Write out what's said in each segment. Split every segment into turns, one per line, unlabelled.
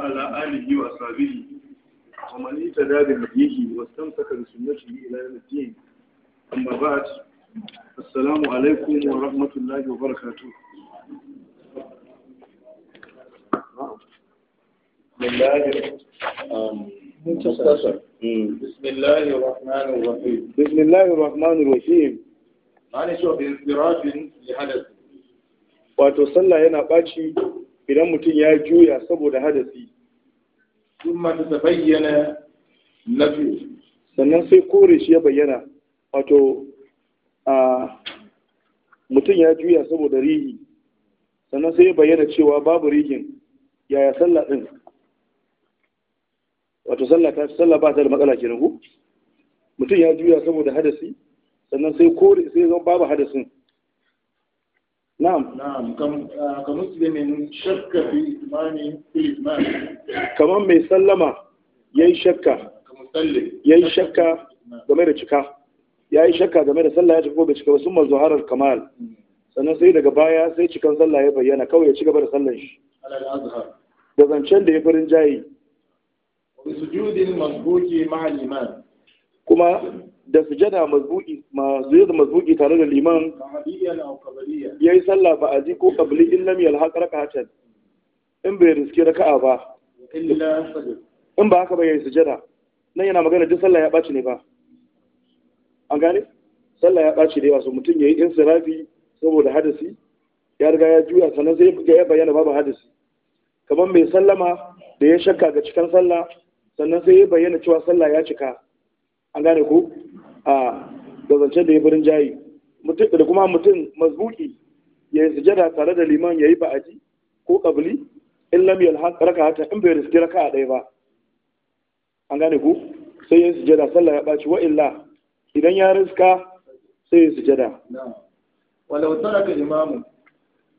وعلى آله wa ومن اهتدى بهديه واستمسك بسنته إلى يوم أما بعد السلام عليكم ورحمة الله وبركاته بسم الله الرحمن الرحيم بسم الله الرحمن الرحيم شو wato sallah yana ɓaci idan mutum ya juya saboda hadasi ثم bayyana نفيه sannan sai kore shi ya bayyana wato a mutum ya juya saboda rihi sannan sai ya bayyana cewa babu rihin yaya sallah din wato sallah ta sallah ba ta da matsala kenan ku mutum ya juya saboda hadasi sannan sai kore sai zama babu hadasin na'am ah, kaman mai sallama yayi shakka ka musallim shakka game da cika ya yi shakka game da sallah ya tafi bai cika ba sun mazuharar kamal sannan sai daga baya sai cikan sallah ya bayyana kawai ya ci gaba da sallan shi da zancen da ya farin jayi kuma da sujada mazbuki sujada mazbuki tare da liman ya yi sallah ba a ji ko kabli in lam yalhaq rak'atan in bai riske raka'a ba in ba haka ba yi sujada nan yana magana duk sallah ya ɓaci ne ba an gane sallah ya ɓaci ne wasu mutum ya yi insirafi saboda hadasi ya riga ya juya sannan sai ya bayyana babu hadasi kamar mai sallama da ya shakka ga cikin sallah sannan sai ya bayyana cewa sallah ya cika an gane ku a da da ya birin jayi da kuma mutum mazbuki ya yi sujada tare da liman ya yi ba'aji ko kabili in lam raka hata in bai riski a ɗaya ba an gane ku sai ya yi sujada sallah ya ɓaci wa illa idan ya riska sai ya yi sujada walau taraka imamu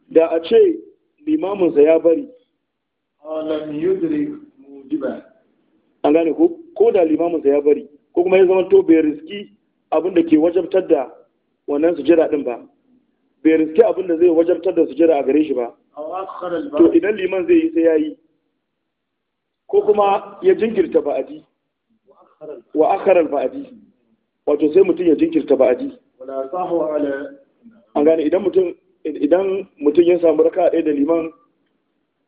da a ce limaminsa ya bari alam yudrik mujiba an gane ku? ko da limaminsa ya bari ko kuma ya zama to bai riski abin da ke wajabtar da wannan sujira din ba bai riske abin da zai wajabtar da sujira a gare shi ba to idan liman zai yi sai yayi ko kuma ya jinkirta ba'adi wa akharal ba'adi wato sai mutum ya jinkirta ba'adi an gane idan mutum idan mutum ya samu raka'a ɗaya da liman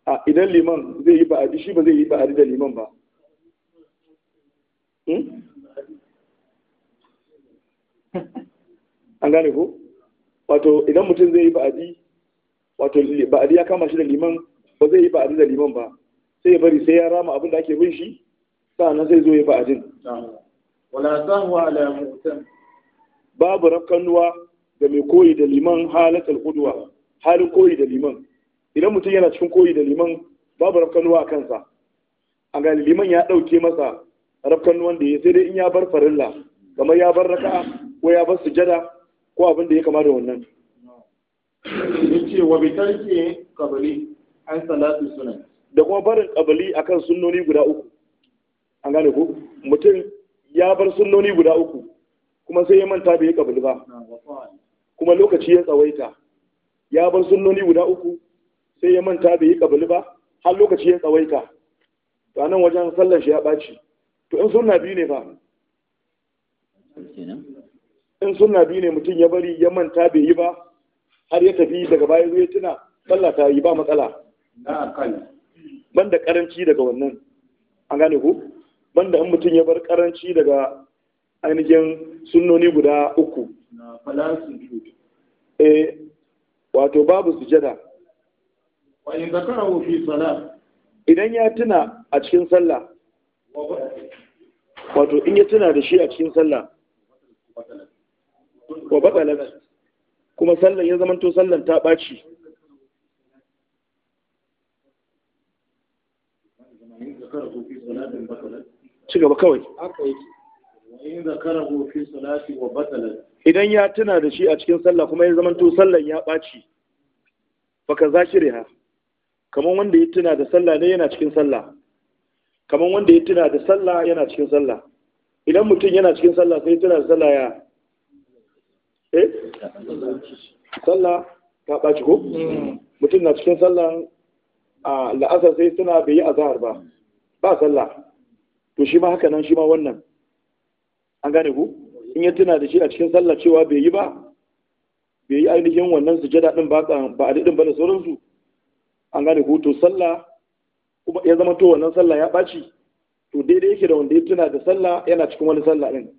a idan liman zai yi ba'adi shi ba zai yi ba'adi da liman ba hmm? an gane ko wato idan mutum zai yi ba'adi wato ba'adi ya kama shi da liman ba zai yi ba'adi da liman ba sai ya bari sai ya rama abin da ake bin shi nan sai zo ya ba'adin wala sahwa ala mutum babu rakkanuwa da mai koyi da liman halatul qudwa halin koyi da liman idan mutum yana cikin koyi da liman babu rakkanuwa a kansa an gane liman ya dauke masa rakkanuwan da ya sai dai in ya bar farilla kamar ya bar raka'a ko ya bar sujada ko abin da ya kama da wannan ce wa bi tarki qabli an salatu sunan da kuma barin a akan sunnoni guda uku an gane ko mutum ya bar sunnoni guda uku kuma sai ya manta bai kabali ba kuma lokaci ya tsawaita ya bar sunnoni guda uku sai ya manta bai yi kabali ba har lokaci ya tsawaita to anan wajen sallar shi ya ɓaci to in sunna biyu ne fa in suna biyu ne mutum ya bari ya manta bai yi ba har ya tafi daga baya zai tuna sallah ta yi ba matsala ban da karanci daga wannan an gane ku ban da in mutum ya bar karanci daga ainihin sunnoni guda uku eh wato babu sujada wa idan ya tuna a cikin sallah wato in ya tuna da shi a cikin sallah wa batsalar kuma sallan ya zamanto sallan ta ɓaci ci gaba kawai idan ya tuna da shi a cikin sallah kuma ya zamanto sallan ya ɓaci baka zakire ha kamar wanda ya tuna da sallah ne yana cikin sallah kamar wanda ya tuna da sallah yana cikin sallah idan mutum yana cikin sallah sai tuna da sallah ya Eh? sallah ta ɓaci ko mutum na cikin sallan a la'asar sai suna bai yi azahar ba ba sallah to shi ma haka nan shi ma wannan an gane ku in ya tuna da shi a cikin sallah cewa bai yi ba bai yi ainihin wannan sujada din ba ba a din ba da sauransu an gane ku to sallah kuma ya zama to wannan sallah ya ɓaci to daidai yake da wanda ya tuna da sallah yana cikin wani sallah din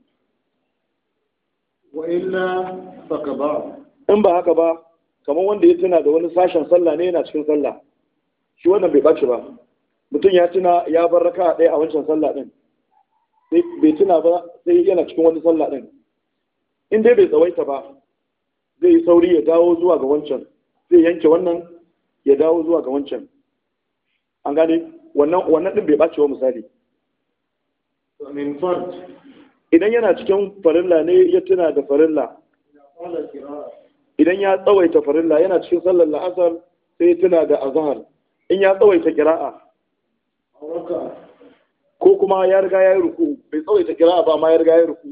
wa illa in ba haka ba kamar wanda ya tuna da wani sashen sallah ne yana cikin sallah shi wannan bai bace ba mutum ya tuna ya bar raka ɗaya a wancan sallah ɗin bai tuna ba sai yana cikin wani sallah ɗin in dai bai tsawaita ba zai yi sauri ya dawo zuwa ga wancan zai yanke wannan ya dawo zuwa ga wancan an gane wannan ɗin bai ɓaci ba misali idan yana cikin farilla ne ya tuna da farilla idan ya tsawaita farilla yana cikin sallar la'asar sai ya tuna da azahar in ya tsawaita kira'a ko kuma ya riga ya yi ruku bai tsawaita kira'a ba ma ya riga ya ruku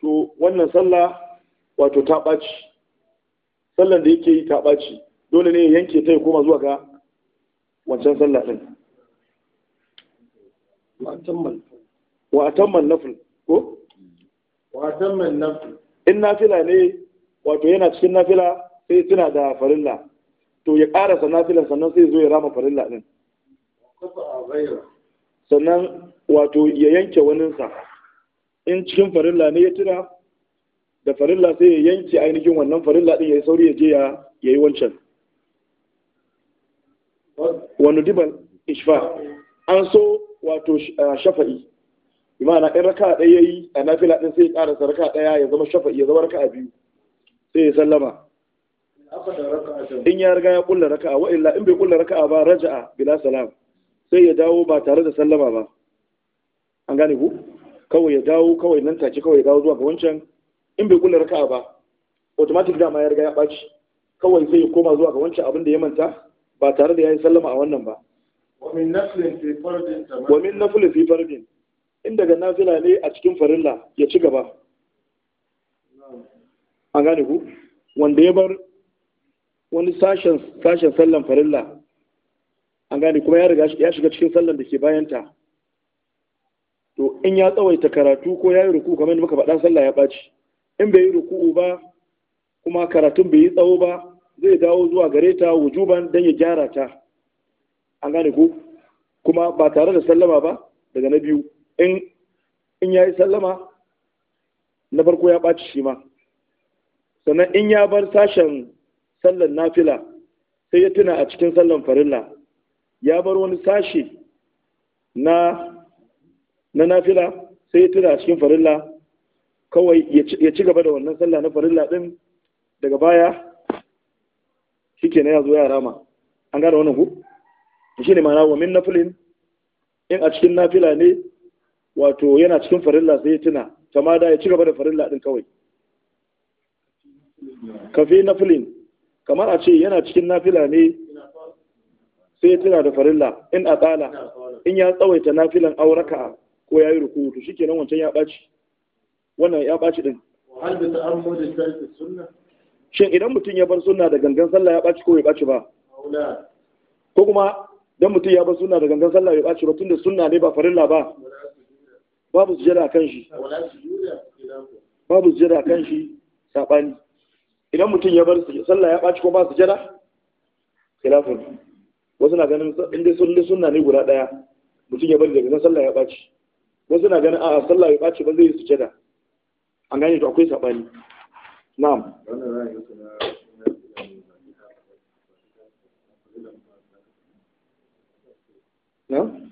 to wannan salla wato ta ɓaci sallar da yake yi ta ɓaci dole ne ya yanke ta ya koma zuwa ga wancan sallar din. wa atamman nafil ko in nafila ne wato yana cikin nafila sai tuna da farilla to ya karasa nafila sannan sai zo ya rama farilla din sannan wato ya yanke waninsa in cikin farilla ne ya tuna da farilla sai ya yanke ainihin wannan farilla din ya yi sauri ya je ya yi wancan wani dibal ishfa an so wato shafa'i imana in raka ɗaya yi a nafila ɗin sai ya ƙarasa raka ɗaya ya zama shafa'i ya zama raka biyu sai ya sallama in ya riga ya ƙulla raka'a a illa in bai kulla raka'a ba Raja a bila salam sai ya dawo ba tare da sallama ba an gane ku kawai ya dawo kawai nan take kawai ya dawo zuwa ga wancan in bai raka raka'a ba automatic dama ya riga ya ɓaci kawai sai ya koma zuwa ga wancan abin da ya manta ba tare da ya yi sallama a wannan ba wa min naflin fi fardin in daga nafila ne a cikin farilla ya ci gaba an gane ku wanda ya bar wani sashen sallan farilla an gane kuma ya riga ya shiga cikin sallan da ke bayanta to in ya tsawaita karatu ko ya yi ruku kamar muka faɗa sallah ya ɓaci in bai yi ruku ba kuma karatun bai yi tsawo ba zai dawo zuwa gare ta wujuban don ya gyara ta an gane ku kuma ba tare da sallama ba daga na biyu in ya yi sallama na farko ya ɓaci shi ma sannan in ya bar sashen sallan nafila sai ya tuna a cikin sallan farilla ya bar wani sashi na na nafila sai ya tuna a cikin farilla kawai ya ci gaba da wannan sallah na farilla din daga baya shi na ya zo ya rama an gane wannan ku shi ne ma'ana wa min nafilin in a cikin nafila ne wato yana cikin farilla sai ya tuna kama da ya ci gaba da farilla din kawai kafi nafilin kamar a ce yana cikin nafila ne sai ya tuna da farilla in a tsala in ya tsawaita nafilan auraka ko ya yi rukutu shikenan wancan ya ɓaci wannan ya ɓaci din shin idan mutum ya bar suna da gangan sallah ya ɓaci ko ya ɓaci ba ko kuma don mutum ya bar suna da gangan sallah ya ɓaci ba da suna ne ba farilla ba babu sujada kan shi babu sujada kan shi saɓani. idan mutum ya bar sallah ya ɓaci ko ba sujada khilafun wasu na ganin inda sun suna ne guda ɗaya mutum ya bari daga sallah ya ɓaci wasu na ganin a sallah ya ɓaci ba zai yi sujada an gane to akwai saɓani na'am na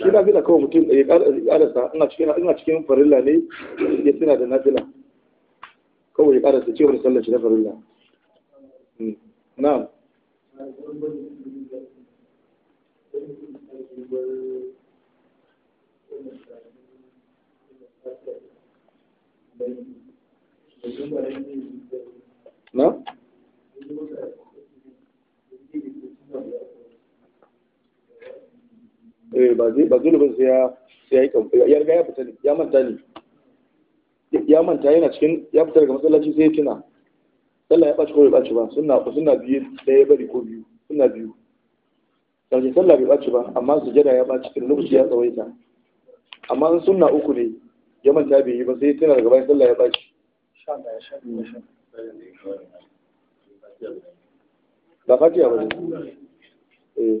shi nafila kawai mutum ya karasa ina cikin ina cikin farilla ne ya tana da nafila kawai ya karasa cewar sallar shi na farilla hmm. na'am na eh ba zai ba zunubin sai ya sai ya yi ya riga ya fita ya manta ne ya manta yana cikin ya fita daga masallaci sai ya tuna sallah ya ɓaci ko bai ɓaci ba suna suna biyu da ya bari ko biyu suna biyu sauke sallah bai ɓaci ba amma sujada ya ɓaci tun lokaci ya tsawaita amma in sunna uku ne ya manta bai yi ba sai tana daga bayan sallah ya ɓaci ba fatiya ba ne eh.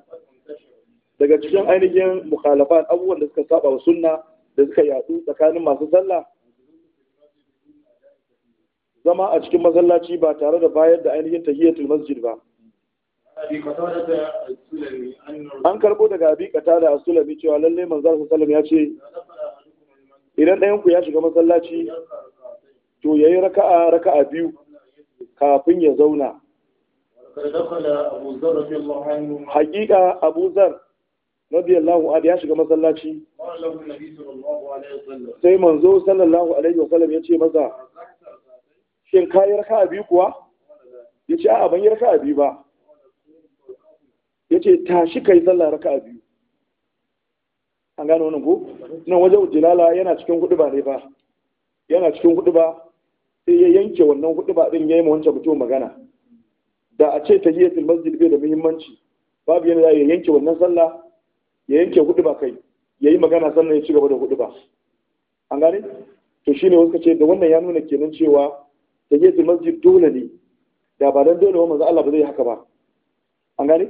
daga cikin ainihin mukhalafa abubuwan da suka saba wa sunna da suka yadu tsakanin masu sallah zama a cikin masallaci ba tare da bayar da ainihin tahiyatul masjid ba an karbo daga abi kata da asulami cewa lalle manzon sallam ya ce idan ɗayan ku ya shiga masallaci to yayi raka'a raka'a biyu kafin ya zauna hakika abu zar رضي الله ya shiga masallaci sai manzo sallallahu alaihi wa sallam ya ce maza shin ka yi raka'a biyu kuwa ya ce a'a ban yi a biyu ba ya ce tashi kai sallah raka'a biyu an gano wannan ko yana cikin hudu ne ba yana cikin sai ya yanke wannan hudu ba din yayi wancan mutum magana da a ce tahiyatul masjid bai da muhimmanci babu yana yanke wannan sallah ya yanke hudu ba kai ya yi magana sannan ya ci gaba da hudu ba an gane to shine wasu ce da wannan ya nuna kenan cewa da su masjid dole ne da ba dan dole ba manzo Allah ba zai haka ba an gane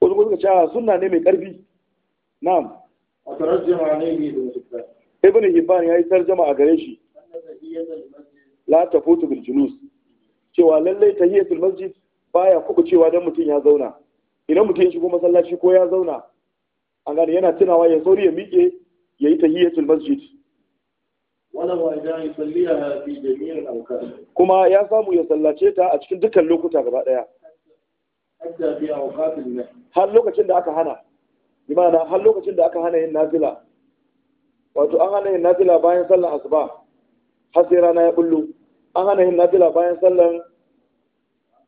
wasu kuma suka ce sunna ne mai karfi na'am a tarjama ne ne ibn hibban yi tarjama a gare shi la futu bil julus cewa lallai tahiyatul masjid baya kuɓucewa dan mutum ya zauna idan mutum ya shigo masallaci ko ya zauna an gani yana tunawa ya sauri ya miƙe ya yi ta tahiyyatul masjid kuma ya samu ya sallace ta a cikin dukkan lokuta gaba ɗaya har lokacin da aka hana imana har lokacin da aka hana yin nazila wato an hana yin nazila bayan sallar asuba har sai rana ya bullo an hana yin nazila bayan sallar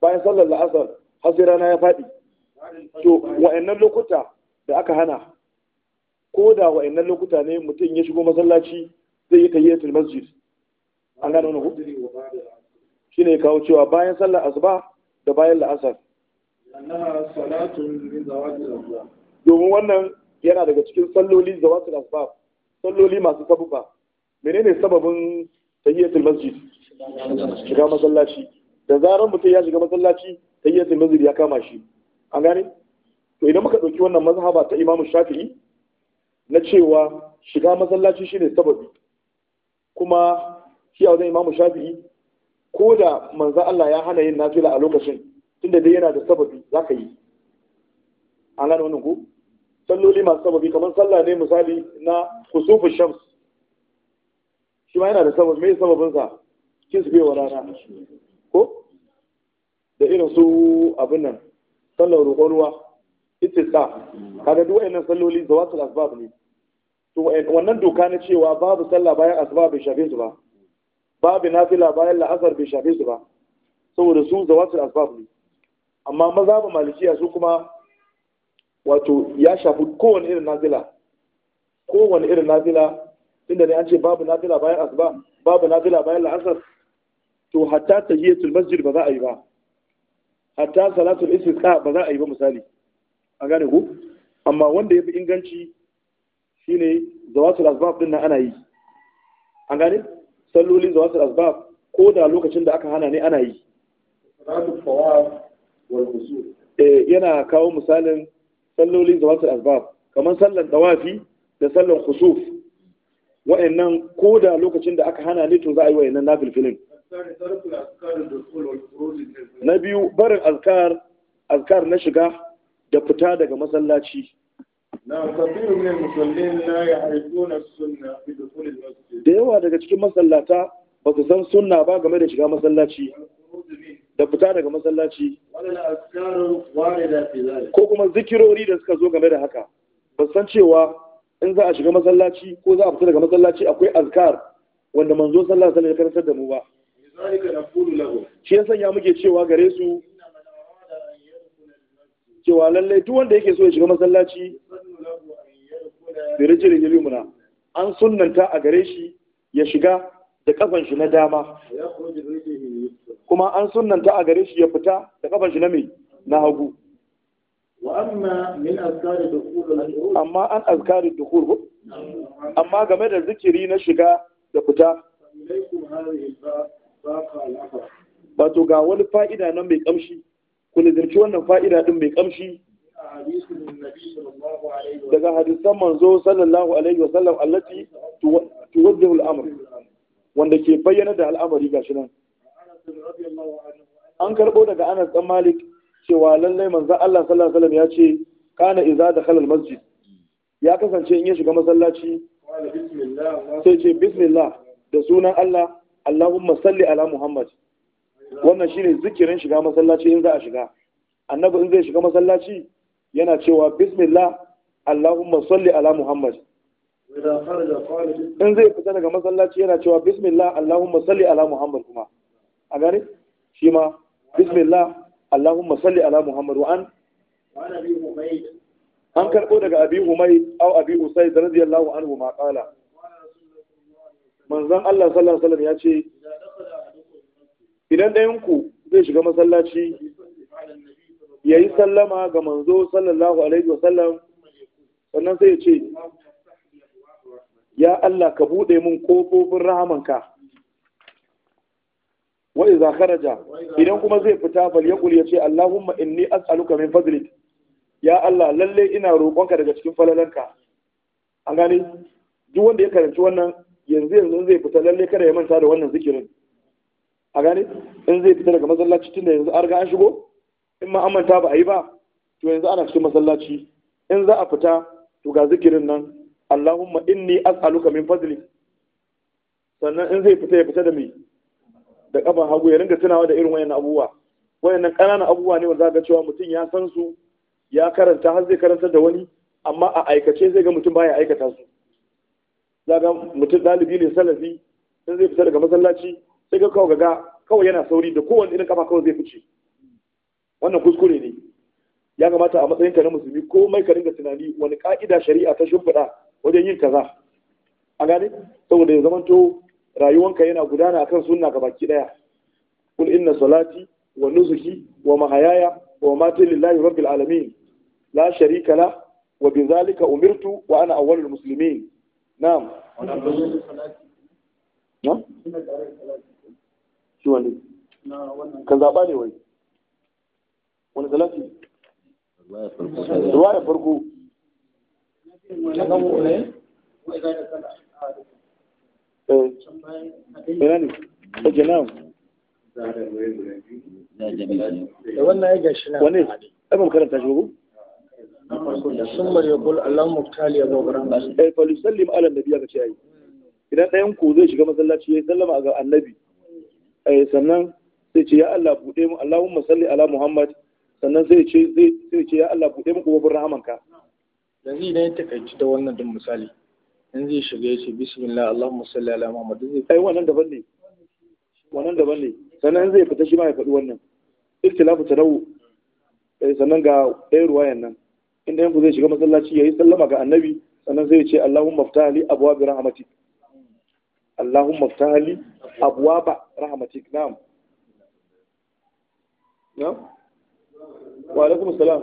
bayan sallar la'asar har sai rana ya faɗi to wa'annan lokuta da aka hana ko da wa'annan lokuta ne mutum ya shigo masallaci zai yi tahiyyatul masjid an gano na hudu Shi ne kawo cewa bayan sallar asuba da bayan la'asar domin wannan yana daga cikin salloli zawatul asbab salloli masu sabuba menene sababin tahiyyatul masjid shiga masallaci da zarar mutum ya shiga masallaci tahiyyatul masjid ya kama shi an gane to idan muka ɗauki wannan mazhaba ta imamu shafi'i na cewa shiga masallaci shine sababi kuma shi a wajen imamu shafi'i ko da manzan Allah ya hana yin nafila a lokacin tunda dai yana da sababi za ka yi an gane wannan ku salloli masu sababi kamar sallah ne misali na kusufin shams shi ma yana da sababi mai sababinsa kin su bewa rana ko da irin su abin nan sallar roƙon ruwa istisqa kaga duk wayannan salloli zawatul asbab ne to wannan doka na cewa babu sallah bayan asbab bai shafe su ba babu nafila bayan la'asar bai shafe su ba saboda su zawatul asbab ne amma maza ba malikiya su kuma wato ya shafi kowane irin nafila kowane irin nafila inda ne an ce babu nafila bayan asbab babu nafila bayan la'asar to hatta tahiyatul masjid ba za a yi ba hatta salatul istisqa ba za a yi ba misali a gane ku amma wanda ya fi inganci shi ne zawatul asbab din na ana yi an gane sallolin zawatul asbab ko da lokacin da aka hana ne ana yi eh, yana kawo misalin sallolin zawatul asbab kamar sallan tawafi da sallan khusuf wa'annan ko da lokacin da aka hana ne to za a yi wa'annan na filfilin na biyu barin azkar azkar na shiga da fita daga masallaci da yawa daga cikin masallata ba su san sunna ba game da shiga masallaci da fita daga masallaci ko kuma zikirori da suka zo game da haka ba san cewa in za a shiga masallaci ko za a fita daga masallaci akwai azkar wanda manzo sallallahu alaihi wasallam ya karantar da mu ba shi ya sanya muke cewa gare su cewa lallai duk wanda yake so ya shiga masallaci birjir ilimuna an sunnanta a gare shi ya shiga da kafan shi na dama kuma an sunnanta a gare shi ya fita da kafan shi na mai na hagu amma an azkarin dukur amma game da zikiri na shiga da fita wato ga wani fa'ida nan mai kamshi ku nazarci wannan fa'ida din mai kamshi daga hadisan manzo sallallahu alaihi wasallam allati tuwajjihu al wanda ke bayyana da al'amari shi nan an karɓo daga Anas dan Malik cewa lallai manzo Allah sallallahu ya ce kana idza da al-masjid ya kasance in ya shiga masallaci sai ce bismillah da sunan Allah Allahumma salli ala Muhammad wannan shine zikirin shiga masallaci in za a shiga annabi in zai shiga masallaci yana cewa bismillah allahumma salli ala muhammad in zai fita daga masallaci yana cewa bismillah allahumma salli ala muhammad kuma a gani shi ma bismillah allahumma salli ala muhammad wa an karɓo daga abi humay au abi usayd radiyallahu anhu ma qala manzon Allah sallallahu alaihi wasallam ya ce idan ɗayanku zai shiga masallaci ya yi sallama ga manzo sallallahu alaihi wasallam sannan sai ya ce ya Allah ka buɗe min ƙofofin rahamanka wa iza kharaja idan kuma zai fita fal yaqul yace Allahumma inni as'aluka min fadlik ya Allah lalle ina roƙonka daga cikin falalanka an gane duk wanda ya karanci wannan yanzu yanzu zai fita lalle kada ya manta da wannan zikirin a gane in zai fita daga masallaci tunda yanzu an riga an shigo in ma amanta ba a yi ba to yanzu ana cikin masallaci in za a fita to ga zikirin nan Allahumma inni as'aluka min fadli sannan in zai fita ya fita da mai da kafan hagu ya ringa tunawa da irin wayannan abubuwa wayannan kananan abubuwa ne wanda zaka cewa mutum ya san su ya karanta har zai karanta da wani amma a aikace zai ga mutum baya aikata su zaka mutum dalibi ne salafi in zai fita daga masallaci sai ga kawai gaga kawai yana sauri da kowane irin kafa kawai zai fice wannan kuskure ne ya kamata a matsayin ka na musulmi mai ka dinga tunani wani ka'ida shari'a ta shimfiɗa wajen yin kaza a gane saboda ya zamanto rayuwanka yana gudana akan sunna ga baki ɗaya. kul inna salati wa nusuki wa mahayaya wa mati lillahi rabbil alamin la sharika la wa zalika umirtu wa ana awwalul muslimin na'am na'am shi wani ka zaɓa ne wai wani salati ruwa ya farko eh. Ina ne? Oje na. wani ya gashi na. Wane? Ai ban karanta shi ba sun bari yaqul Allahu muktali abu bakran eh fa yusallim ala nabi aka ce yi. idan ɗayan ku zai shiga masallaci ya sallama ga annabi Eh, sannan sai ce ya Allah buɗe mu Allahumma salli ala Muhammad sannan zai ce sai ce ya Allah buɗe mu bin rahamanka yanzu idan ya takaici da wannan din misali in zai shiga yace bismillah Allahumma salli ala Muhammad zai ai wannan daban ne wannan daban ne sannan zai fita shi ma ya faɗi wannan ikhtilafu tarawu eh, sannan ga ɗaya ruwayan nan inda yanku zai shiga masallaci ya yi sallama ga annabi sannan zai ce Allahumma ftah abwa bi rahmatik اللهم افتح لي ابواب رحمتك نعم نعم
وعليكم السلام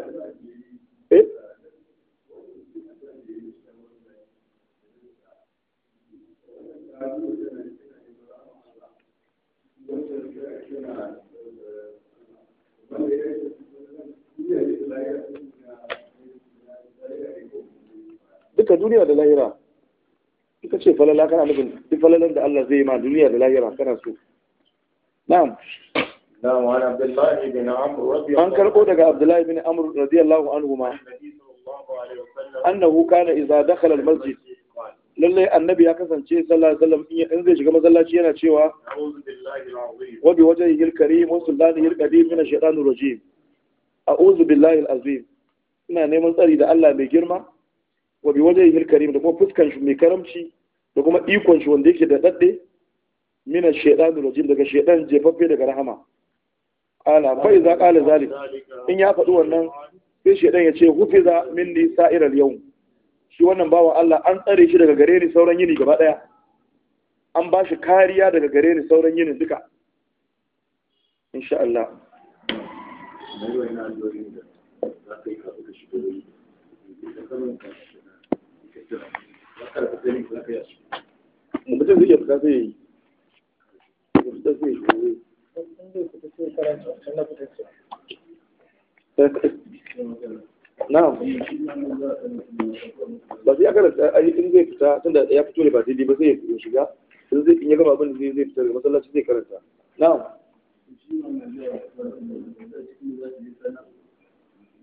ايه duka duniya da lahira ita ka ce falala kana nufin duk falalan da Allah zai yi ma duniya da lahira kana so na'am na'am wa abdullahi amr radiyallahu an karbo daga abdullahi bin amr radiyallahu anhu ma annahu kana idza dakhala al-masjid lalle annabi ya kasance sallallahu alaihi wasallam in zai shiga masallaci yana cewa wa bi wajhihi al-karim wa sallallahu al-qadim min ash-shaytanir rajim a'udhu billahi al-azim ina neman tsari da Allah mai girma wa bi wajhihi al-karim da kuma fuskan shi mai karamci da kuma ikon shi wanda yake da dadde mina shaidan rajim daga shaidan jefaffe daga rahama ala fa iza qala zalik in ya faɗi wannan sai shaidan ya ce hufiza sa'ir al yawm shi wannan bawa Allah an tsare shi daga gare ni sauran yini gaba daya an ba shi kariya daga gare ni sauran yini duka insha Allah Thank you. mutum zai iya fita ya yi fita ba sai aka rasa in zai fita tunda ya fito ne ba daidai ba sai ya shiga in zai in ya gama abin zai zai fita masallaci zai karanta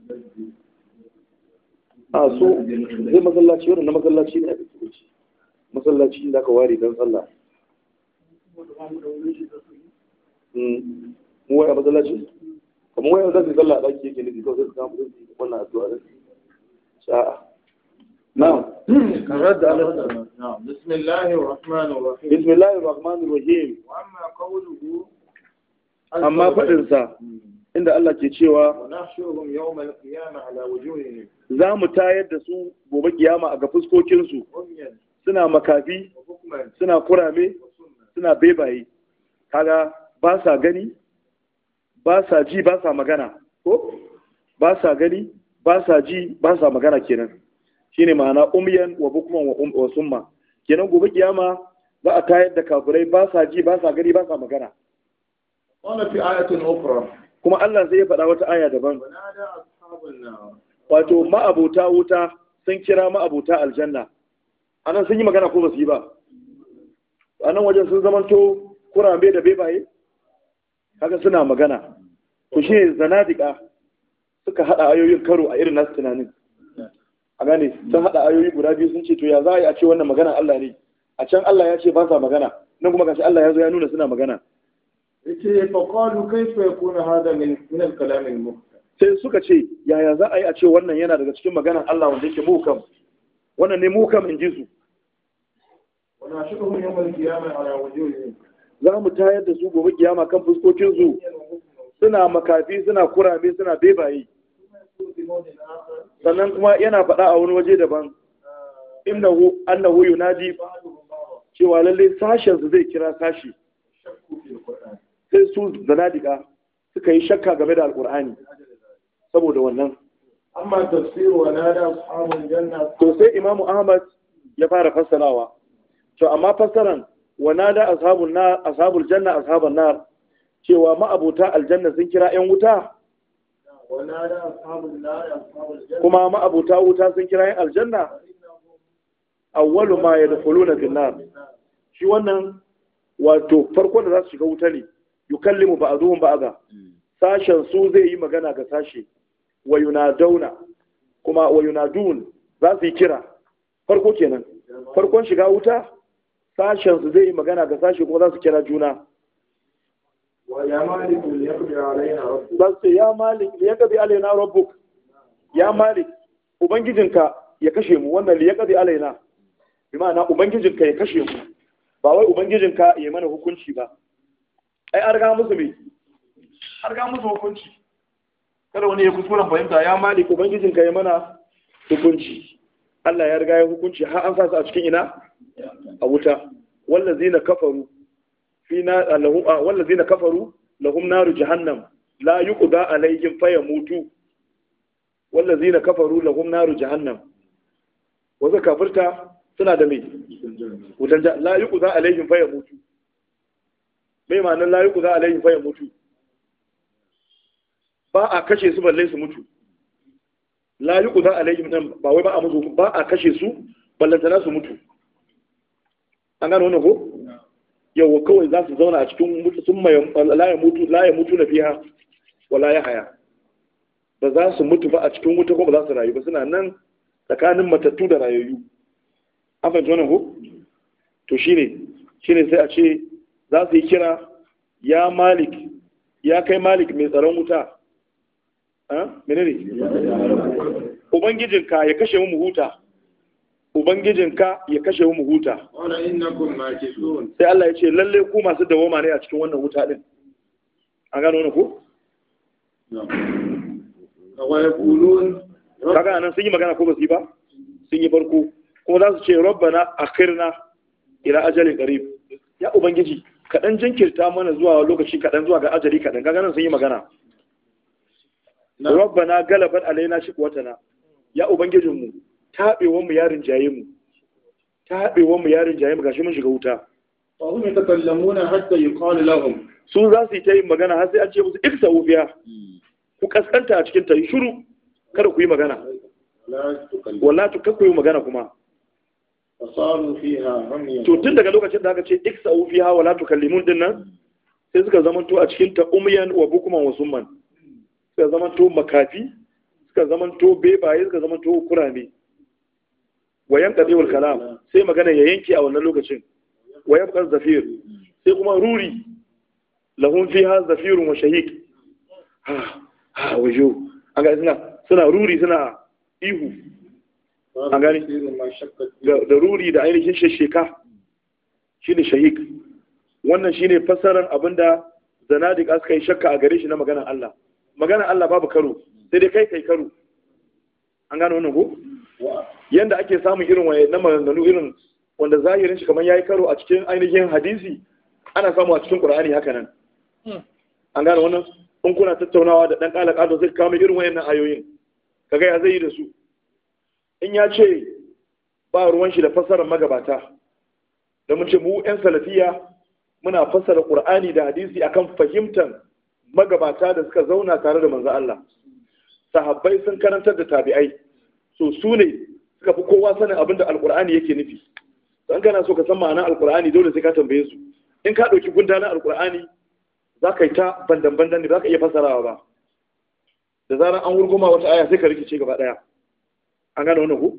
Thank you. a so zai masallaci wannan na masallaci ne masallaci da aka ware don sallah hmm. mu waya masallaci kamar waya za su sallah a ɗaki yake nufi kawai sai su kama su yi wannan addu'a da sha'a نعم الرد على بسم الله الرحمن الرحيم بسم rahim الرحمن inda Allah ke cewa ونحشرهم يوم القيامه za mu tayar da su gobe kiyama ga fuskokinsu suna makafi suna kurame suna bebaye kaga ba sa gani ba sa ji ba sa magana ko ba sa gani ba sa ji ba sa magana kenan shine ma'ana umyan wa bukman wa um, summa kenan gobe kiyama za a tayar da kafirai ba sa ji ba sa gani ba sa magana kuma Allah zai faɗa wata aya daban wato ma'abota wuta sun kira ma'abota aljanna anan sun yi magana ko ba su yi ba anan wajen sun zamanto mai da bebaye kaga suna magana ku shi ne zanadika suka hada ayoyin karo a irin nasu tunanin a gane sun hada ayoyi guda biyu sun ce to ya za a yi a ce wannan magana Allah ne a can Allah ya ce ba sa magana nan kuma gashi Allah ya zo ya nuna suna magana yace fa qalu kayfa yakunu hada min min al-kalam al-muhdath sai suka ce yaya za a yi a ce wannan yana daga cikin maganar Allah wanda yake mukam wannan ne mukam in ji su za mu tayar da su gobe kiyama kan fuskokin suna makafi suna kurame suna bebaye sannan kuma yana faɗa a wani waje daban innahu annahu yunadi cewa lalle sashen su zai kira sashi sai su zanadika suka yi shakka game da alkur'ani saboda wannan amma tafsiru wa da ashabul janna to sai Imam Ahmad ya fara fassarawa to amma fassaran wa da ashabul nar ashabul janna ashabul nar cewa ma'abuta aljanna sun kira ƴan wuta kuma ma'abuta wuta sun kira ƴan aljanna awwalu ma yadkhuluna fin nar shi wannan wato farko da za su shiga wuta ne yukallimu ba'dhum ba'aga. Hmm. sashen su zai yi magana ga sashe wa yunaduna kuma wa yunadun za su yi kira farko kenan farkon shiga wuta sashen su zai yi magana ga sashe kuma za su kira juna za su ya malik ya kabi alaina rabbuk ya malik ubangijinka ya kashe mu wannan ya kabi alaina bi ma'ana ubangijinka ya kashe mu ba wai ubangijinka ya mana hukunci ba ai an musu me an musu hukunci kada wani ya kuskuren fahimta ya malik ubangijin ka ya mana hukunci Allah ya riga ya hukunci har an sa su a cikin ina a wuta wallazina kafaru fi na lahu wallazina kafaru lahum naru jahannam la yuqda fa yamutu wallazina kafaru lahum naru jahannam wasu kafirta suna da mai wutan la yuqda fa yamutu bai ma'anar la yuqda fa yamutu ba a kashe su balle su mutu la yi kuza alaihim nan ba wai ba a musu ba a kashe su tana su mutu an gano wannan ko yawa kawai za su zauna a cikin mutu sun la ya mutu na fiha wala ya haya ba za su mutu ba a cikin wuta ko ba za su rayu ba suna nan tsakanin matattu da rayayyu an fahimci wannan ko to shine shine sai a ce za su yi kira ya malik ya kai malik mai tsaron wuta menene ubangijinka ya kashe mu huta ubangijinka ya kashe mu huta sai Allah ya ce lalle ku masu dawoma ne a cikin wannan huta din an gano wannan ko kaga nan sun yi magana ko ba su yi ba sun yi farko kuma za su ce rabbana akhirna ila ajalin qarib ya ubangiji kadan jinkirta mana zuwa lokaci kadan zuwa ga ajali kadan kaga nan sun yi magana rabbana galabat alaina shiqwatana ya ubangijin mu tabewan mu yarin jaye mu tabewan mu yarin jaye mu gashi mun shiga wuta fa hum yatakallamuna hatta yuqal lahum su za su yi ta yin magana har sai an ce musu iksa wufiya ku kaskanta a cikin ta yi shiru kada ku yi magana Wala to kakku yi magana kuma to tun daga lokacin da aka ce iksa wufiya wala tukallimun dinnan sai suka zamanto a cikin ta umyan wa bukuman wasumman. suka zamanto makafi suka zamanto bebaye suka zamanto kurame wa kabe wal kalam sai magana ya yanke a wannan lokacin wa kan zafir sai kuma ruri lahum fiha zafirun wa shahiq ha ha wajo an ga suna suna ruri suna ihu an gani da ruri da ainihin shesheka shine shahiq wannan shine fasaran abinda zanadiqa suka yi shakka a gare shi na maganar Allah magana Allah babu karo sai dai kai kai karo an gano wannan ko yanda ake samun irin wayannan maganganu irin wanda zahirin shi kamar yayi karo a cikin ainihin hadisi ana samu a cikin Qur'ani haka nan an gano wannan in kuna tattaunawa da dan kala kado zai kama irin wayannan ayoyin kaga ya zai yi da su in ya ce ba ruwan shi da fassarar magabata da mun ce mu yan salafiya muna fassara Qur'ani da hadisi akan fahimtar magabata da suka zauna tare da manzo Allah sahabbai sun karantar da tabi'ai so su ne suka fi kowa sanin abin da alkur'ani yake nufi don kana so ka san ma'anar alkur'ani dole sai ka tambaye su in ka ɗauki gundanar alkur'ani za ka yi ta bandan-bandan ne za ka iya fasarawa ba da zarar an wurguma wata aya sai ka rikice gaba ɗaya an gane wani ku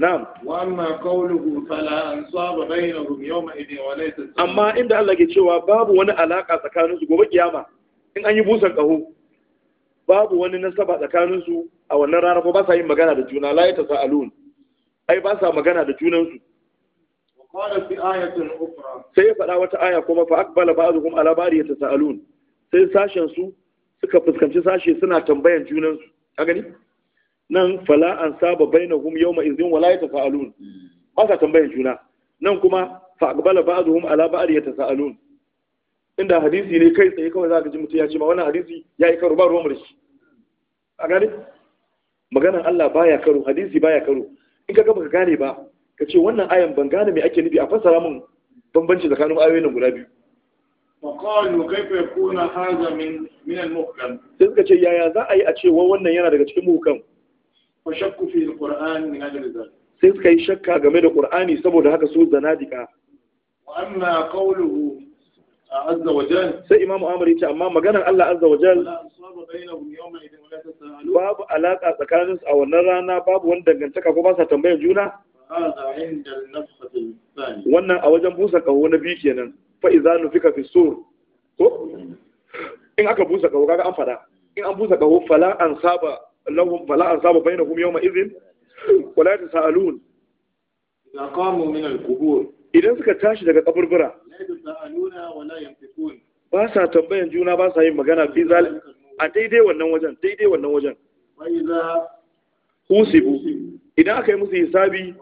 na'am wa amma qawluhu fala ansaba bainahum yawma idin wa laysa amma inda Allah ke cewa babu wani alaka tsakanin su gobe kiyama in an yi busan ƙaho babu wani nasaba tsakaninsu a wannan rana ko ba sa yin magana da juna la ta sa'alun ai ba sa magana da junansu sai ya faɗa wata aya kuma fa akbala ba'dhum ala ba'd yatasaalun sai sashen su suka fuskanci sashe suna tambayan junansu ka gani nan fala an saba bainahum yawma idhin wala yatasaalun hmm. ba sa tambayan juna nan kuma fa akbala ba'dhum ala ba'd yatasaalun inda hadisi ne kai tsaye kawai za ka ji mutum ya ce ma wannan hadisi ya yi karo ba ruwan da shi a gane maganan Allah baya karo hadisi baya karo in ka gaba ka gane ba ka ce wannan ayan ban gane me ake nufi a fassara mun bambanci tsakanin ayoyin nan guda biyu فقالوا كيف يكون هذا من من Sai suka ce yaya za a yi a ce wa wannan yana daga cikin muhkam fa shakku fi alquran min ajli sai suka yi shakka game da qur'ani saboda haka su zanadika wa amma qawluhu sai imamu amuri ce amma maganar Allah azza wa jal babu alaka tsakanin a wannan rana babu wani dangantaka ko ba sa tambayar juna wannan a wajen busa kaho na biyu kenan fa nufi ka fi sur ko in aka busa kawo kaga an fada in an busa kawo fala an saba lahum fala an saba bainahum yawma idhin wala tasalun idan qamu min al-qubur idan suka tashi daga kaburbura ba sa tambayan juna ba sa yin magana fi zal a daidai wannan wajen daidai wannan wajen husibu idan aka yi musu hisabi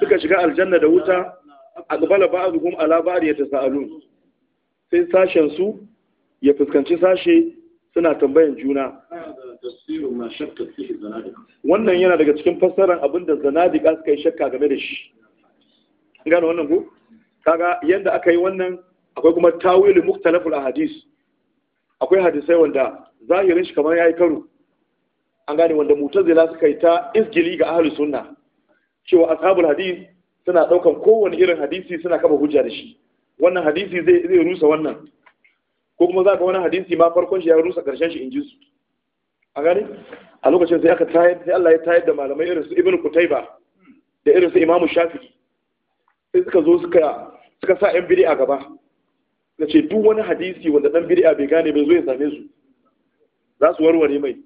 suka shiga aljanna da wuta a a ba'dhum ala ba'd yatasaalun sai sashen su ya fuskanci sashe suna tambayan juna wannan yana daga cikin fassarar abinda zanadika suka yi shakka game da shi gane wannan ku kaga yadda aka yi wannan akwai kuma tawilu muktalaful ahadis akwai hadisai wanda zahirin shi kamar ya yi karo an gane wanda zai lasu kai ta isgili ga ahlus sunna cewa ashabul hadis suna daukan kowane irin hadisi suna kama hujja da shi wannan hadisi zai rusa wannan ko kuma za ka wani hadisi ma farkon shi ya rusa karshen shi ji su a gani? a lokacin sai aka tayar sai Allah ya tayar da malamai irin su ibnu kutaiba da irin su imamu shafi'i sai suka zo suka suka sa yan bid'a gaba da ce duk wani hadisi wanda dan a bai gane bai zo ya same su za su warware mai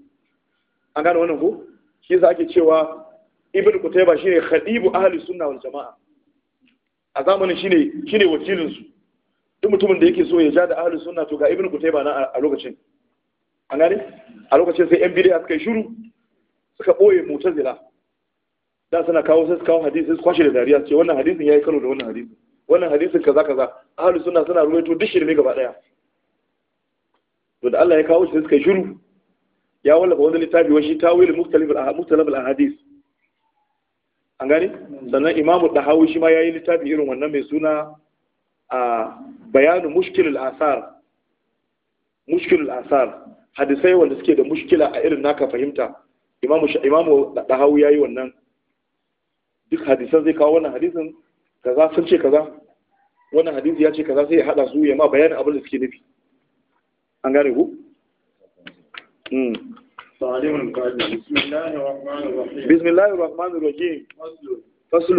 an gane wannan ko shi yasa ake cewa ibn kutayba shine khadibu ahli sunna wal jamaa a zamanin shine shine wakilin su duk mutumin da yake so ya ja da ahli sunna to ga ibn kutayba na a lokacin an gane a lokacin sai yan bid'a suka yi shiru suka boye mutazila da suna kawo sai su kawo hadisi su kwashe da dariya ce wannan hadisin yayi karo da wannan hadisin wannan hadisin kaza kaza ahlu sunna suna ruwaito duk shirme gaba daya to da Allah ya kawo shi suka shiru ya wallafa wani littafi wani tawil mukhtalif al-mukhtalif al-ahadith an gani sannan imamu dahawi shi ma yayi littafi irin wannan mai suna a bayanu mushkil al-asar mushkil al-asar hadisai wanda suke da mushkila a irin naka fahimta imamu imamu dahawi yayi wannan duk hadisan zai kawo wannan hadisin kaza sun ce kaza wannan hadisi ya ce kaza sai ya hada su ya ma bayanin abin da suke nufi an gane ku بسم الله الرحمن الرحيم فصل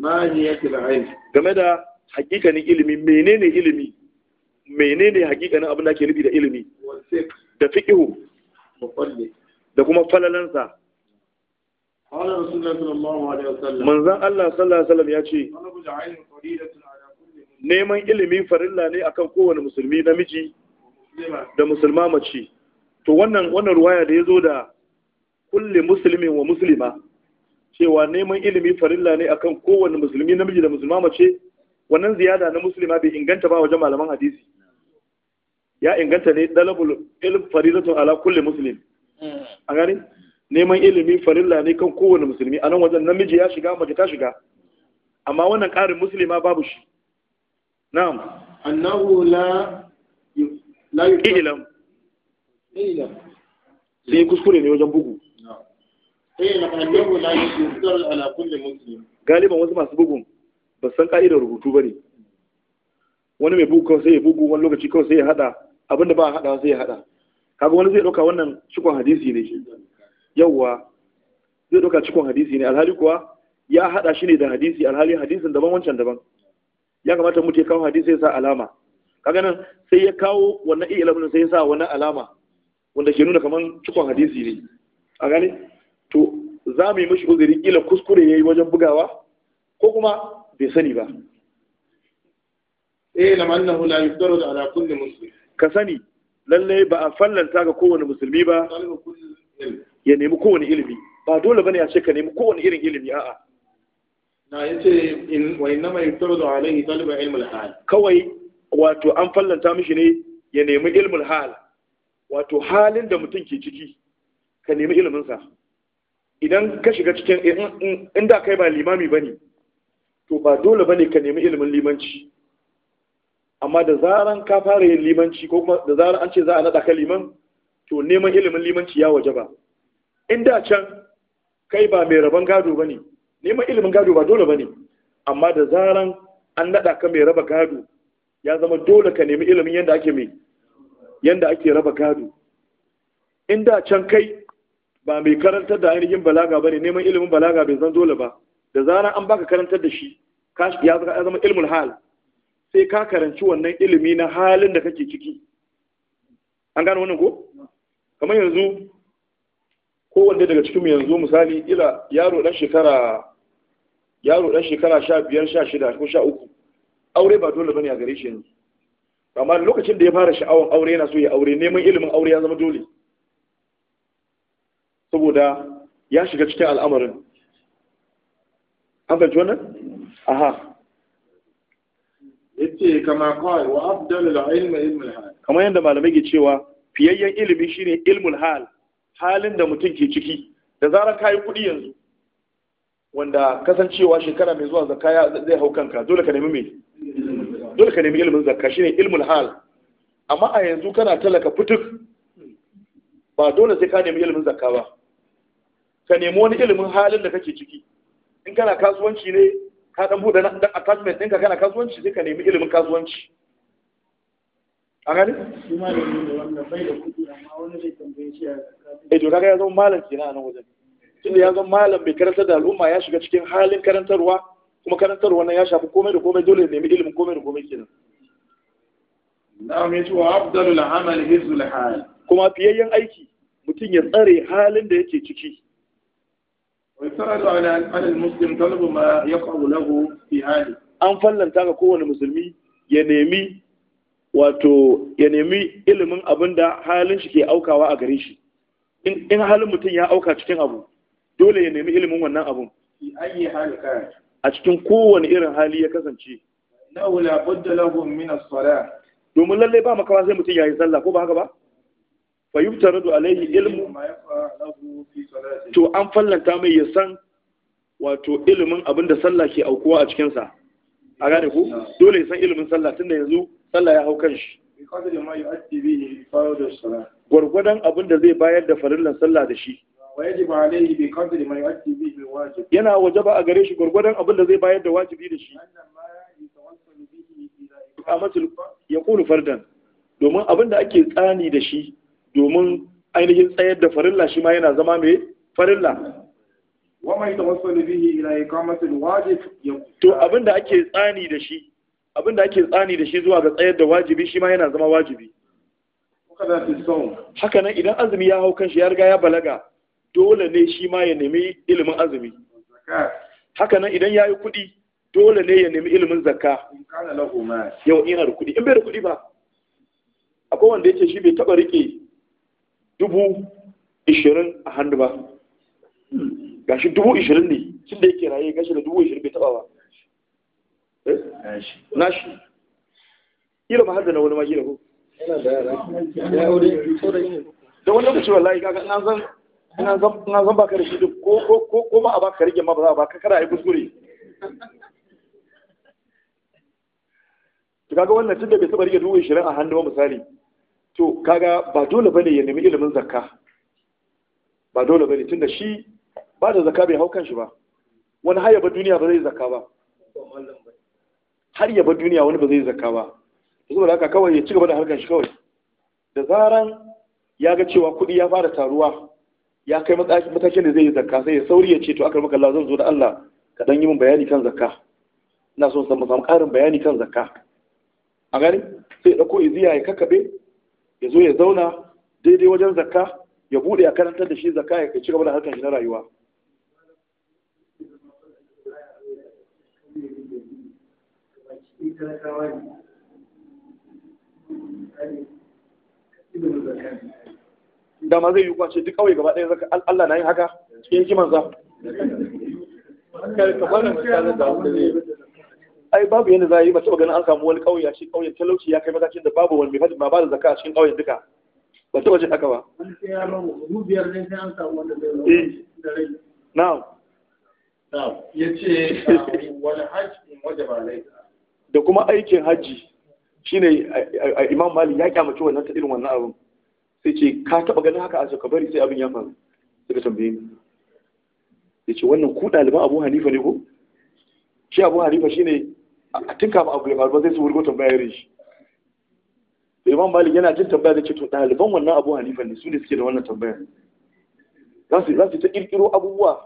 ماهية العلم game da hakikanin ilimi menene ilimi menene hakikanin abin da ke nufi da ilimi da fiqhu da kuma falalansa manzan Allah sallallahu Alaihi ya ce neman ilimi farilla ne akan kowane musulmi namiji da musulma mace to wannan wannan ruwaya da ya zo da kulle musulmin wa musulma cewa neman ilimi farilla ne akan kowane musulmi namiji da musulma mace wannan ziyada na musulma bai inganta ba wajen malaman hadisi ya inganta ne dalabul ilm faridatun ala kulle musulmi. a gani neman ilimi farilla ne kan kowane musulmi a nan wajen namiji ya shiga mace ta shiga amma wannan ƙarin musulma babu shi na'am annahu la la ilam ilam sai kuskure ne wajen bugu galiban wasu masu bugun ba san ka'idar rubutu ba ne wani mai bugu kawai sai ya bugu wani lokaci kawai sai ya hada abinda ba a hada sai ya hada kaga wani zai dauka wannan cikon hadisi ne yawwa zai ɗauka cikon hadisi ne alhali kuwa ya haɗa shi ne da hadisi alhali hadisin daban wancan daban ya kamata mutu ya kawo hadisi ya sa alama kaga nan sai ya kawo wannan iya ilimin sai ya sa wannan alama wanda ke nuna kamar cikon hadisi ne a gani to za mu yi mashi uzuri ila kuskure ya yi wajen bugawa ko kuma bai sani ba eh lam annahu la yufdaru ala kulli muslim ka sani lalle ba a fallanta ga kowane musulmi ba ya nemi kowane ilimi ba dole bane ya ce ka nemi kowane irin ilimi a'a na yace in wa inna ma yuftadu alayhi talaba ilm al-hal kawai wato an fallanta mishi ne ya nemi ilmul hal wato halin da mutum ke ciki ka nemi ilimin sa idan ka shiga cikin inda kai ba limami bane to ba dole bane ka nemi ilimin limanci amma da zaran ka fara yin limanci ko kuma da zaran an ce za a naɗa ka liman to neman ilimin limanci ya waje ba in da can kai ba mai rabon gado ba ne neman ilimin gado ba dole ba ne amma da zaran an naɗa ka mai raba gado ya zama dole ka nemi ilimin yadda ake mai yadda ake raba gado in da can kai ba mai karantar da ainihin balaga ba ne neman ilimin balaga bai zan dole ba da zaran an baka karantar da shi ya zama ilimin hal sai ka karanci wannan ilimi na halin da kake ciki an gano wannan ko kamar yanzu kowanne daga cikin mu yanzu misali ila yaro dan shekara yaro dan shekara 15 16 ko 13 aure ba dole bane a gare shi yanzu amma lokacin da ya fara sha'awar aure yana so ya aure neman ilimin aure ya zama dole saboda ya shiga cikin al'amarin an fahimci wannan aha yace kama kawai wa afdalul ilmi ilmul hal kamar yadda malamai ke cewa fiyayyen ilimi shine ilmul hal halin da mutum ke ciki da zarar ka yi kuɗi yanzu wanda kasancewa shekara mai zuwa zakka zai hau kanka dole ka nemi me dole ka nemi ilimin zakka shine ilmul hal amma a yanzu kana talaka fituk ba dole sai ka nemi ilimin zakka ba ka nemi wani ilimin halin da kake ciki in kana kasuwanci ne ka dan bude dan attachment ɗinka kana kasuwanci sai ka nemi ilimin kasuwanci a gani shi malami ne wanda bai da amma wani zai tambaye shi a eh to kaga ya zama malam kenan a nan wajen tunda ya zama malam bai karantar da al'umma ya shiga cikin halin karantarwa kuma karantarwa nan ya shafi komai da komai dole ya nemi ilimin komai da komai kenan na'am yace wa kuma fiyayyen aiki mutum ya tsare halin da yake ciki an fallanta ga kowane musulmi ya nemi wato ya nemi ilimin abin da halin shi ke aukawa a gare shi in halin mutum ya auka cikin abu dole ya nemi ilimin wannan abun a cikin kowane irin hali ya kasance domin lallai ba makawa sai mutum ya yi sallah ko ba haka ba fa da alaihi ilimin to an fallanta mai ya san wato ilimin abin da sallah ke aukuwa a cikinsa a gane ku dole san ilimin sallah tunda yanzu sallah ya hau kan shi gwargwadon abin da zai bayar da farillan sallah da shi yana waje ba a gare shi gwargwadon abin da zai bayar da wajibi da shi ya kulu fardan domin abin da ake tsani da shi domin ainihin tsayar da farilla shi ma yana zama mai farilla وما يتوصل به إلى إقامة الواجب to abinda ake tsani da shi abinda ake tsani da shi zuwa ga tsayar da wajibi shi ma yana zama wajibi haka nan idan azumi ya hau kanshi ya riga ya balaga dole ne shi ma ya nemi ilimin azumi haka nan idan ya yi kuɗi dole ne ya nemi ilimin zakka yau ina da kuɗi in bai da kuɗi ba akwai wanda yake shi bai taɓa riƙe dubu ishirin a hannu ba hmm. gashi dubu ishirin ne tun da yake raye gashi da dubu ishirin bai taba ba eh? shi ila ma da na wani magi da ku da wani lokaci wallahi kaga ina zan ina zan ina zan baka rashi duk ko ko ko ma a baka rige ma ba za a baka kada a yi kuskure to kaga wannan tun da bai taba rige dubu ishirin a hannu ba misali to kaga ba dole bane ya nemi ilimin zakka ba dole bane da shi ba da zaka bai hau kanshi ba wani har yaba duniya ba zai zaka ba har yaba duniya wani ba zai zaka ba saboda haka kawai ya ci gaba da harkar shi kawai da zaran ya ga cewa kuɗi ya fara taruwa ya kai matakin da zai yi zakka sai ya sauri ya ce to aka makalla zan zo da Allah ka dan yi min bayani kan zakka ina so san samu ƙarin bayani kan zakka a gani sai ya dauko iziya ya kakkabe ya zo ya zauna daidai wajen zakka ya bude a karantar da shi zakka ya ci gaba da harkar shi na rayuwa da ma zai yi kwace duk kawai gaba ɗaya zaka Allah na yin haka cikin hikiman sa ai babu yadda za a yi ba taɓa ganin an samu wani ƙauye a cikin ƙauyen talauci ya kai matakin da babu wani mai ba da zaka a cikin ƙauyen duka ba taɓa jin haka ba eh. na'am wani hajji wajen ba laifin da kuma aikin hajji shine imam mali ya kyamaci wannan ta irin wannan abin sai ce ka taba ganin haka a ka bari sai abin ya faru ka tambaye ni ya ce wannan ku ɗaliban abu hanifa ne ko shi abu hanifa shine a tun kafin abu ya faru ba zai su wurgo tambaya yare shi da imam mali yana jin tambaya da ce to ɗaliban wannan abu hanifa ne su ne suke da wannan tambaya za su za su ta ƙirƙiro abubuwa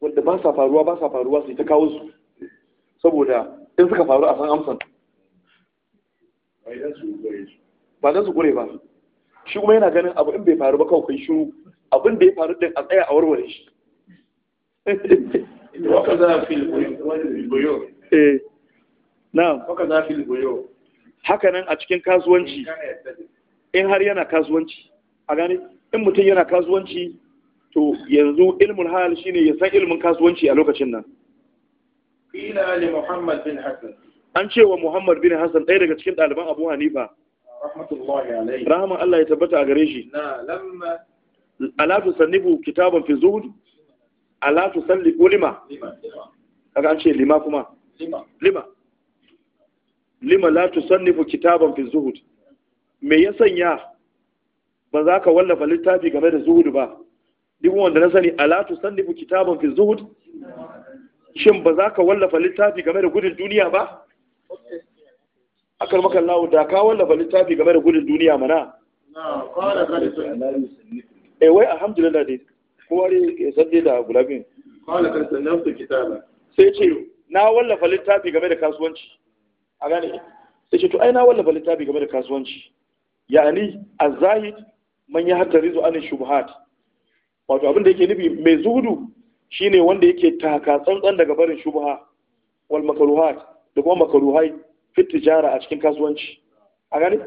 wanda ba sa faruwa ba sa faruwa su ta kawo su saboda in suka faru a san amsan ba dan su kure ba shi kuma yana ganin abu in bai faru ba kawai shiru abin da ya faru din a tsaya a warware shi haka nan a cikin kasuwanci in har yana kasuwanci a gane in mutum yana kasuwanci to yanzu ilmul hal shine ya san ilmin kasuwanci a lokacin nan Ila Muhammad bin An ce wa Muhammad bin Hassan ɗaya daga cikin ɗaliban Abu Hanifa. Rahmatullahi Rahman Allah ya tabbata a gare shi. alatu lamma. Ala kitaban fi zuhud. Alatu tusallifu lima. Kaga an ce lima kuma. Lima. Lima. Lima la tusannifu kitaban fi zuhud. Me ya sanya ba za ka wallafa littafi game da zuhud ba? Duk wanda na sani ala tusannifu kitaban fi zuhud. shin ba za ka wallafa littafi game da gudun duniya ba akal makan lawo da ka wallafa littafi game da gudun duniya mana eh wai alhamdulillah dai kowa ne ya sadde da gulabin sai ce na wallafa littafi game da kasuwanci a gane sai ce to ai na wallafa littafi game da kasuwanci ya'ani a zahid man yahtarizu an shubuhat wato abin da yake nufi mai zuhudu shine wanda yake taka tsantsan daga barin shubha wal makruhat da kuma makruhai fi tijara a cikin kasuwanci a gani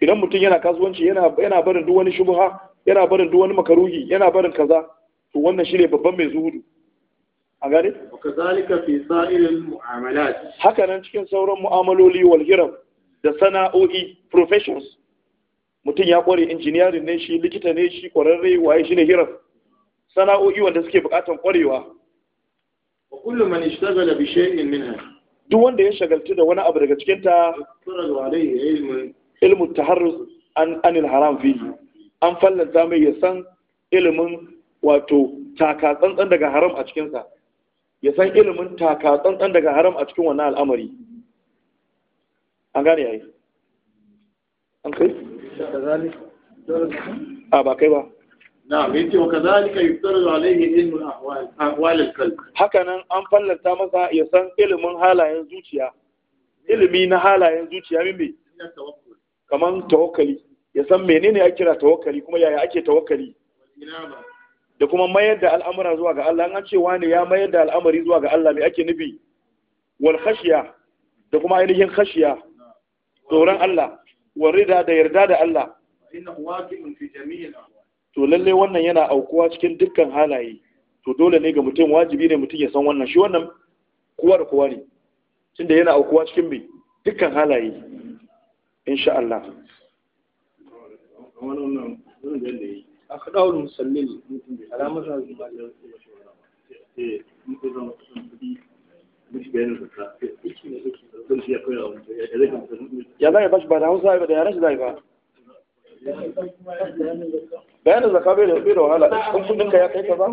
idan mutum yana kasuwanci yana yana barin duk wani shubha yana barin duk wani makaruhi yana barin kaza to wannan shine babban mai zuhudu a gani kazalika fi sa'iril mu'amalat haka nan cikin sauran mu'amaloli wal hiram da sana'o'i professions mutum ya kware engineering ne shi likita ne shi kwararre waye shine hiram sana'o'i wanda suke bukatan ƙwarewa wa kullu man ishtagala bi shay'in minha duk wanda ya shagaltu da wani abu daga cikin ta ilmu taharruz an anil haram fihi an fallanta mai ya san ilimin wato taka tsantsan daga haram a cikin sa ya san ilimin taka tsantsan daga haram a cikin wannan al'amari an gane yayi an kai a ba kai ba na'am yace wa kadhalika yuftaradu alayhi ilmu al-ahwal ahwal al-qalb haka nan an fallanta masa ya san ilimin halayen zuciya ilimi na halayen zuciya min me kaman tawakkali ya san menene ake kira tawakkali kuma yaya ake tawakkali da kuma mayar da al'amura zuwa ga Allah an ce wani ya mayar da al'amari zuwa ga Allah me ake nufi wal khashiya da kuma ainihin khashiya tsoron Allah warida da yarda da Allah innahu waqi'un fi jami'il ahwal to lalle wannan yana aukuwa cikin dukkan halaye to dole ne ga mutum wajibi ne mutum ya san wannan shi wannan kowa da kowa ne tunda yana aukuwa cikin mai dukkan halaye insha Allah eh, ya zai bashi ba da hausa ba da yaran shi zai ba bayanin zaka bai da wahala kun kudin ka ya kai kaza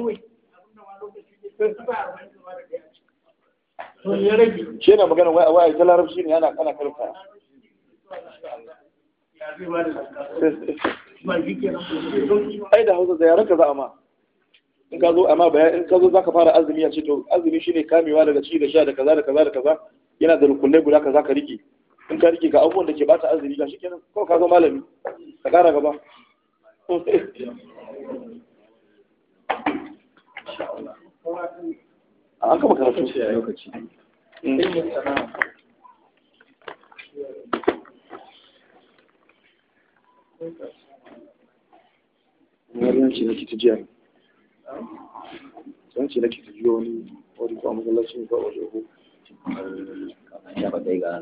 shi yana magana wai wai ta larabci ne ana kana karfa ai da hausa da ka za a ma in ka zo amma bayan in ka zo zaka fara azumi a ce to azumi shine kamewa daga ci da sha da kaza da kaza da kaza yana da rukunai guda kaza ka rike in ka rike ga abubuwan da ke bata arziki ga shikenan ko ka zo malami ka kara gaba an kama karatu lokaci Yanci na kita jiya. Yanci na kita jiya wani wani kwa masallaci ne wajen ko. Ya ba dai ga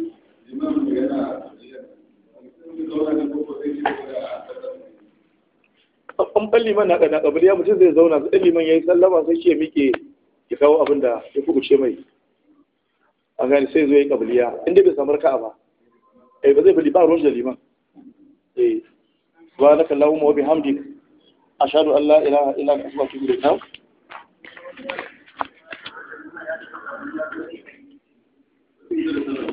an ban liman na kada kabari ya mutum zai zauna sai liman ya yi sallama sai shi ya miƙe ya kawo abin da ya kubuce mai a gani sai zo yayi kabiliya inda bai samar ka'a ba eh ba zai bi ba ruwan da liman eh subhanaka allahumma wa bihamdik ashhadu an la ilaha illa anta astaghfiruka wa atubu ilaik